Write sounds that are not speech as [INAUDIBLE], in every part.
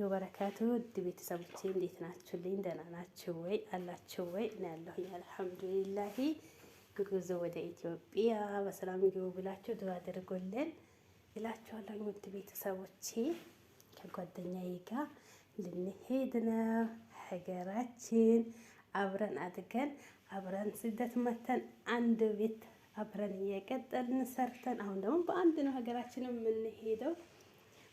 ወበረካቱ ውድ ቤተሰቦቼ እንዴት ናችሁልኝ? ደህና ናችሁ ወይ? አላችሁ ወይ? እኔ ያለሁኝ አልሐምዱሊላሂ። ጉዞ ወደ ኢትዮጵያ በሰላም ግቡ ብላችሁ ዱዓ አድርጎልን እላችኋለሁ። ውድ ቤተሰቦቼ ከጓደኛዬ ጋር ልንሄድ ነው። ሀገራችን አብረን አድገን አብረን ስደት መተን አንድ ቤት አብረን እየቀጠልን ሰርተን አሁን ደግሞ በአንድ ነው ሀገራችን የምንሄደው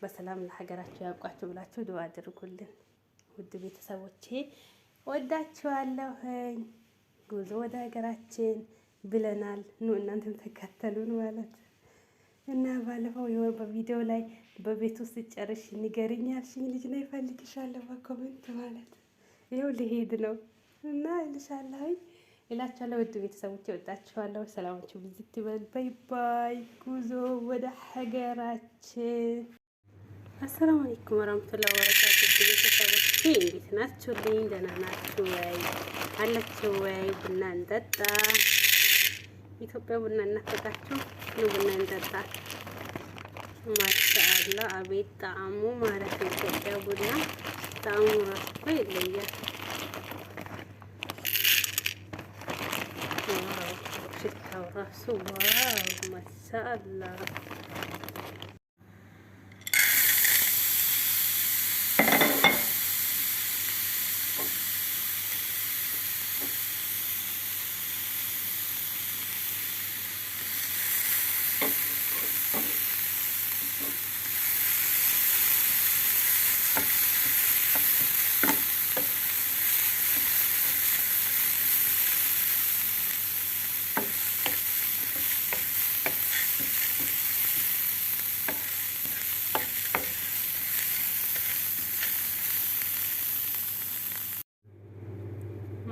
በሰላም ለሀገራቸው ያብቃችሁ ብላችሁ ድዋ አድርጉልን። ውድ ቤተሰቦቼ ወዳችኋለሁ። ጉዞ ወደ ሀገራችን ብለናል። ኑ እናንተም ተከተሉን ማለት እና ባለፈው የሆነ በቪዲዮ ላይ በቤት ውስጥ ጨርሽ ንገሪኝ ያልሽኝ ልጅ ነው ይፈልግሻለሁ በኮሜንት ማለት ይኸው ልሄድ ነው እና እልሻለሁኝ እላችኋለሁ። ውድ ቤተሰቦች ወጣችኋለሁ። ሰላማችሁ ብዝት ይበል። ባይ ባይ። ጉዞ ወደ ሀገራችን አሰላሙ አለይኩም ወራህመቱላሂ ወበረካቱ። ቤተሰቦች እንዴት ናችሁልኝ? ደህና ናችሁ ወይ? አላችሁ ወይ? ቡና እንጠጣ። ኢትዮጵያ ቡና እናፈቃችሁ ነው። ቡና እንጠጣ። ማሻአላ አቤት ጣዕሙ ማለት ነው። ኢትዮጵያ ቡና ጣዕሙ ራሱ እኮ ይለያል። ሽታው ራሱ ዋው ማሻአላ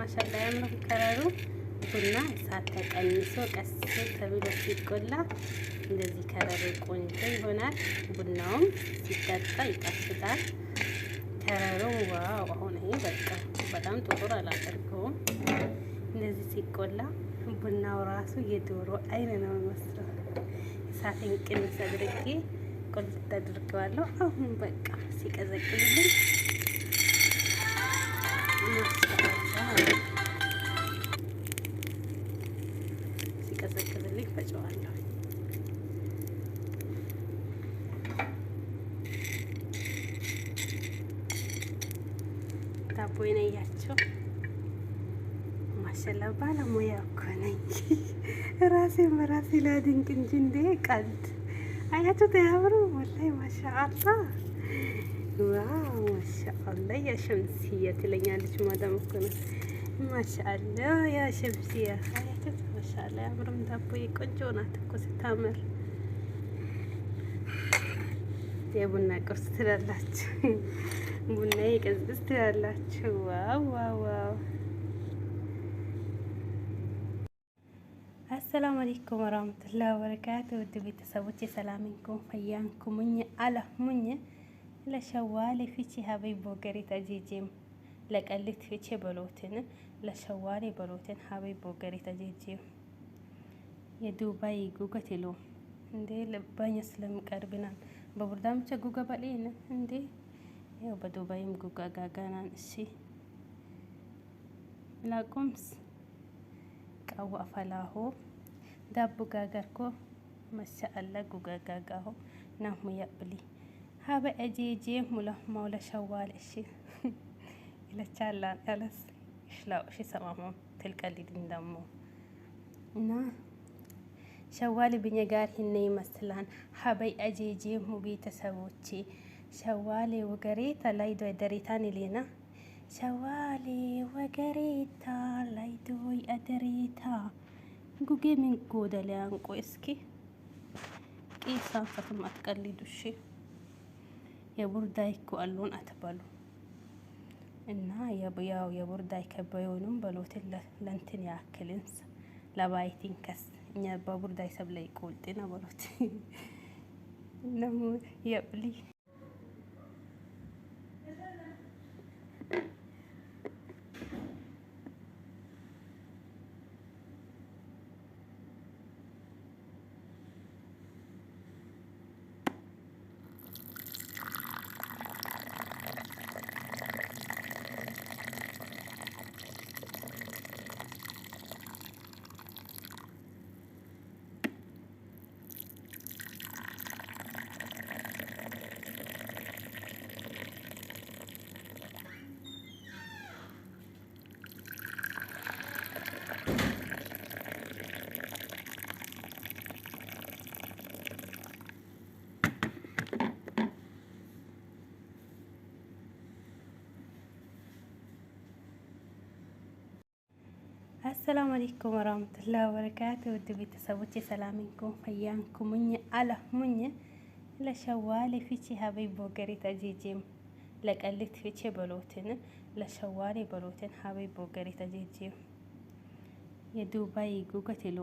ማሻላ ያምር ከረሩ ቡና እሳት ተቀንሶ ቀስ ተብሎ ሲቆላ እንደዚህ ከረሩ ቆንጆ ይሆናል። ቡናውም ሲጠጣ ይጣፍጣል። ከረሩ ዋው! አሁን ይሄ በቃ በጣም ጥቁር አላደርገውም። እንደዚህ ሲቆላ ቡናው ራሱ የዶሮ አይን ነው መስሎ እሳቴን ቅንስ አድርጌ ቆልት አድርገዋለሁ። አሁን በቃ ሲቀዘቅልልኝ ሲቀዘቅዝልኝ ፈጨዋለሁ። ዳቦ ይነያቸው ማሸላ ባለሙያ እኮ ነኝ። [LAUGHS] ራሴ በራሴ ላድንቅ እንጂ እንዴ ቀልድ አያችሁ ተያምሩ ወላይ ማሻአላ ዋው ማሻአላ ያ ትለኛለች ማዳም እኮ ነው። ማሻአላ ያ ሸምሲያ አያተት ማሻአላ ያምርም ዳቦ ቆንጆ ናት እኮ ስታምር። የቡና ቁርስ ትላላችሁ፣ ቡና የቅዝቅዝ ትላላችሁ። ዋው ዋው ዋው። አሰላሙ አለይኩም ወራህመቱላሂ ወበረካቱ። ውድ ቤተሰቦች ሰላምንኩም ፈያንኩሙኝ ለሸዋሌ ሀበይ ቦገሬት አጄጄም ለቀልት ፊቼ በሎትን lashawaaray barooteen habay boogareet ajeejiyo የዱባይ ጉገት ይሎ እንዴ ለባኝ ስለምቀርብናል በቡርዳም ብቻ ጉጋ ባሌነ እንዴ ያው በዱባይም ጉጋ ጋጋናን እሺ ላቆምስ ቀዋ አፈላሆ ዳቡ ጋጋርኮ መሻአላ ጉጋ ጋጋሆ ናሙ ያብሊ ሀበ አጄጄ ሙላ ማውለ ሸዋል እሺ [LAUGHS] ይለቻላን ያለስ ትልቀልድ ደግሞ እና ሸዋል ብኛ ጋር ይህን ይመስላል። ሀበይ አጄጄሙ ቤተሰቦቼ ሸዋሌ ወገሬታ ላይዶ አደሬታን ሌና ሸዋሌ ወገሬታ ላይዶ አደሬታ ጉጌ ምን ጎደለ አንቆ እስኪ ቄሳን ፈትም አትቀልዱ እሺ። የቡርዳይኮ አሉን አትበሉ። እና ያው የቦርዳይ ከበየውንም በሎትን ለንትን ያክልንስ ለባይቲን ከስ እኛ በቡርዳይ ሰብ ላይ ቆልጤ ነው በሎት ነሙ [LAUGHS] የብሊ አሰላሙ አለይኩም ወራህመቱላሂ ወበረካቱ ውድ ቤተሰቦች ሰላምንኩም ፈያንኩሙኝ አላሙኝ ለሸዋሌ ፊቼ ሀበይ ቦገሬት አጄጄም ለቀልት ፊቼ በሎትን ለሸዋሌ በሎትን ሀበይ ቦገሬት አጄጄም የዱባይ ጉገት ይሉ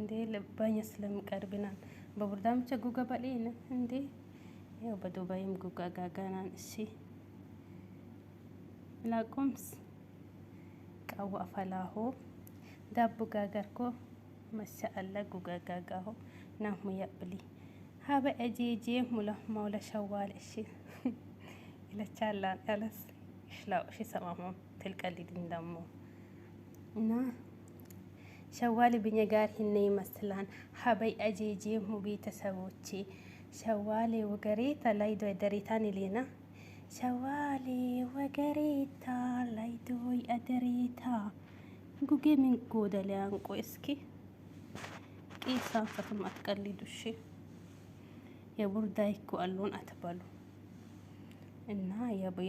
እንዴ ለባኛ ስለምቀርብናል በቡርዳም ብቻ በሌን እንዴ ያው በዱባይም ጉጋ ጋጋናን እሺ ላቆምስ ቀዋ ፈላሆ ዳቦ ጋገርኮ መሰአላ ጉጋጋጋሆ ናሙ ያብሊ ሀበ እጄጄ ሙለ መውለሸዋል እሺ ይለቻላን ያለስ ሽላው እሺ ሰማሞ ትልቀልድን ደሞ እና ሸዋል ብኛ ጋር ሂነ ይመስላን ሀበይ አጄጄ ሙ ቤተሰቦቼ ሸዋሌ ወገሬታ ላይዶ ደሬታን ይሌና ሸዋሌ ወገሬታ ላይዶ አደሬታ ጉጌ ምን ጎደለ አንቆ እስኪ ቂስ አንፈትም አትቀልዱ እሺ። የቡርዳይ እኮ አሉን አትበሉ እና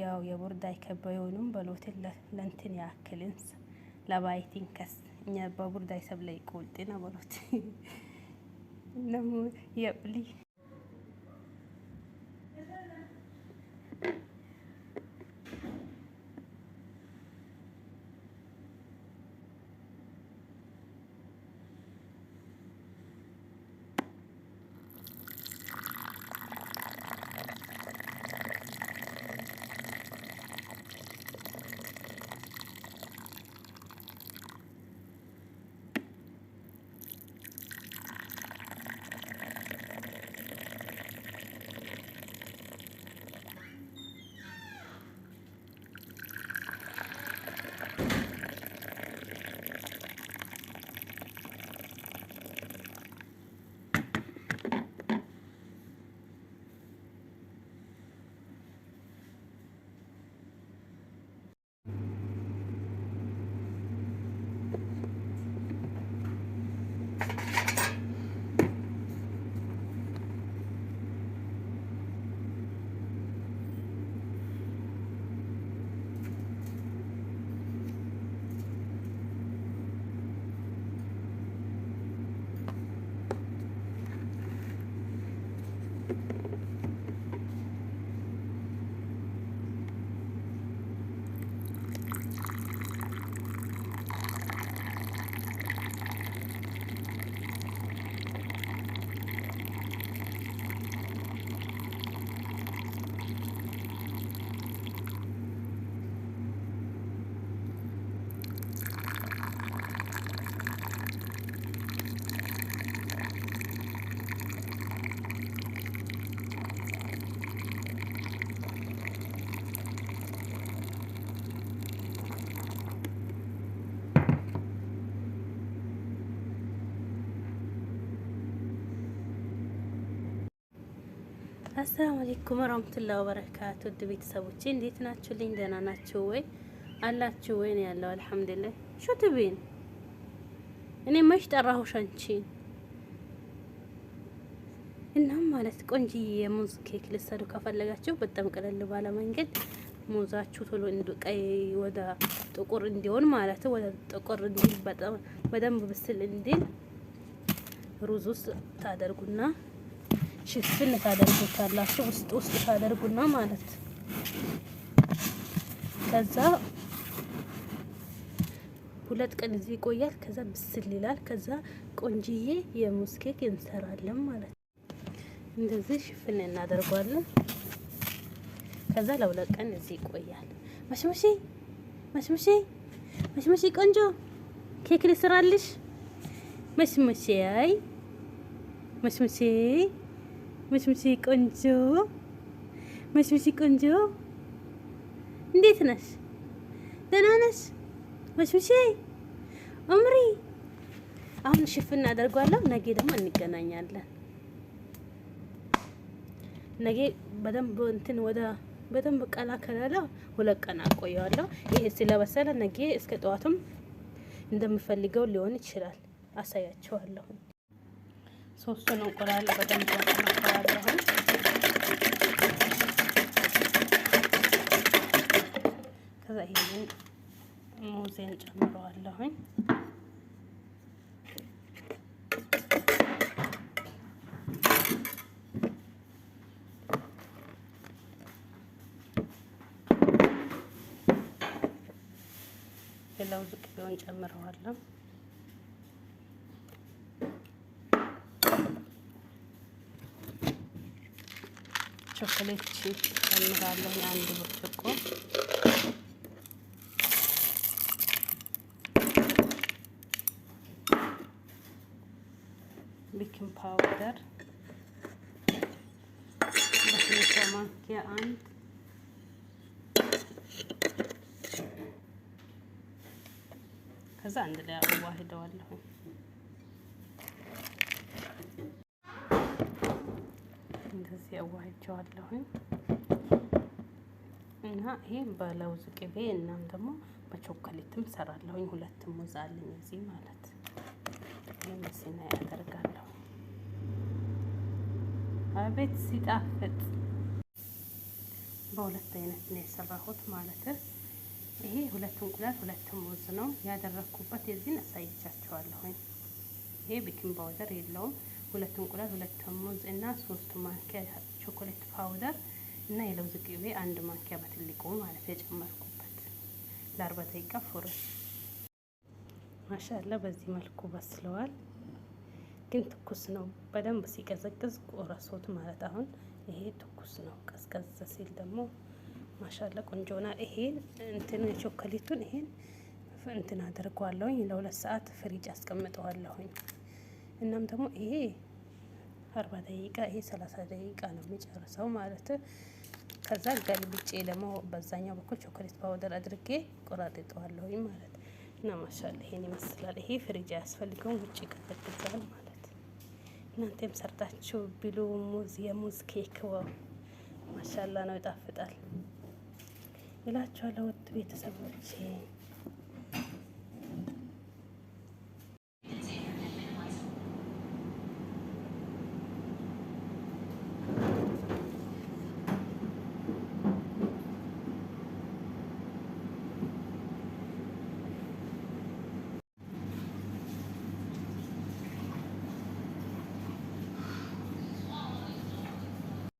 ያው የቡርዳይ ከበዩንም በሎትን ለንትን ያክልንስ ለባይቲን ከስ እኛ በቡርዳይ ሰብ ላይ ቆልጤና በሎት [LAUGHS] ነሙ የብሊ አሰላሙ አለይኩም ወራህመቱላሂ ወበረካቱ ውድ ቤተሰቦቼ እንዴት ናችሁ? ልኝ ደህና ናችሁ ወይ አላችሁ ወይ ነው ያለው። አልሐምዱሊላህ ሹትቤን እኔ መች ጠራሁሽ አንቺን። እናም ማለት ቆንጂዬ የሙዝ ኬክ ልትሰሩ ከፈለጋችሁ በጣም ቀለል ባለ መንገድ ሙዛችሁ ቶሎ ቀይ ወደ ጥቁር እንዲሆን ማለት ወደ ጥቁር እንዲል በደንብ ብስል እንዲል ሩዝ ውስጥ ታደርጉና ሽፍን ታደርጉታላችሁ ውስጥ ውስጥ ታደርጉና ማለት ከዛ ሁለት ቀን እዚህ ይቆያል። ከዛ ብስል ይላል። ከዛ ቆንጅዬ የሙዝ ኬክ እንሰራለን ማለት ነው። እንደዚህ ሽፍን እናደርጓለን። ከዛ ለሁለት ቀን እዚህ ይቆያል። መሽሙሺ መሽሙሺ መሽሙሺ ቆንጆ ኬክ ልስራልሽ። መሽሙሺ አይ መሽሙሺ መሽምሽ ቆንጆ መሽምሽ ቆንጆ እንዴት ነሽ? ደህና ነሽ? መሽምሽ እምሪ አሁን ሽፍን እናደርጓለሁ። ነገ ደግሞ እንገናኛለን። ነገ በደንብ እንትን ወደ በደንብ ቀላ ከለላ ሁለት ቀን አቆየዋለሁ። ይህ ስለበሰለ ነገ እስከ ጠዋቱም እንደምፈልገው ሊሆን ይችላል። አሳያቸዋለሁ። ሶስቱን እንቁላል በደንብ አማክረዋለሁ። ከዛ ይሄን ሙዜን ጨምረዋለሁኝ። የለውዝ ቅቤውን ጨምረዋለሁ። ያክልች ጨምራለሁ የአንድ ብርጭቆ ቤኪንግ ፓውደር በትንሿ ማንኪያ አንድ ከዛ አንድ ላይ አዋህደዋለሁ። እንደዚህ አዋህቸዋለሁኝ እና ይሄ በለውዝ ቅቤ እናም ደግሞ በቾኮሌትም ሰራለሁኝ። ሁለትም ሙዝ አለኝ እዚህ ማለት ይህም ያደርጋለሁ። አቤት ሲጣፍጥ! በሁለት አይነት ነው የሰራሁት ማለት ይሄ ሁለት እንቁላል ሁለት ሙዝ ነው ያደረግኩበት። የዚህን አሳይቻቸዋለሁኝ። ይሄ ቤኪንግ ፓውደር የለውም። ሁለት እንቁላል፣ ሁለት ሙዝ እና ሶስት ማንኪያ ቾኮሌት ፓውደር እና የለውዝ ቅቤ አንድ ማንኪያ በትልቁ ማለት የጨመርኩበት ለአርባ ደቂቃ ፉርን። ማሻላ በዚህ መልኩ በስለዋል። ግን ትኩስ ነው። በደንብ ሲቀዘቅዝ ቆረሶት ማለት አሁን ይሄ ትኩስ ነው። ቀዝቀዝ ሲል ደግሞ ማሻላ ቆንጆ ይሄን እንትን ቾኮሌቱን ይሄን እንትን አድርጓለሁኝ ለሁለት ሰዓት ፍሪጅ አስቀምጠዋለሁኝ። እናም ደግሞ ይሄ አርባ ደቂቃ ይሄ ሰላሳ ደቂቃ ነው የሚጨርሰው ማለት ከዛ ገልብጬ ደግሞ በዛኛው በኩል ቾኮሌት ፓውደር አድርጌ ቆራርጠዋለሁኝ ማለት እና ማሻል ይሄን ይመስላል። ይሄ ፍሪጅ አያስፈልገውም ውጭ ይቀዘቅዛል ማለት እናንተም ሰርታችሁ ብሉ። ሙዝ የሙዝ ኬክ ወ ማሻላ ነው ይጣፍጣል እላችኋለሁ ውድ ቤተሰቦቼ።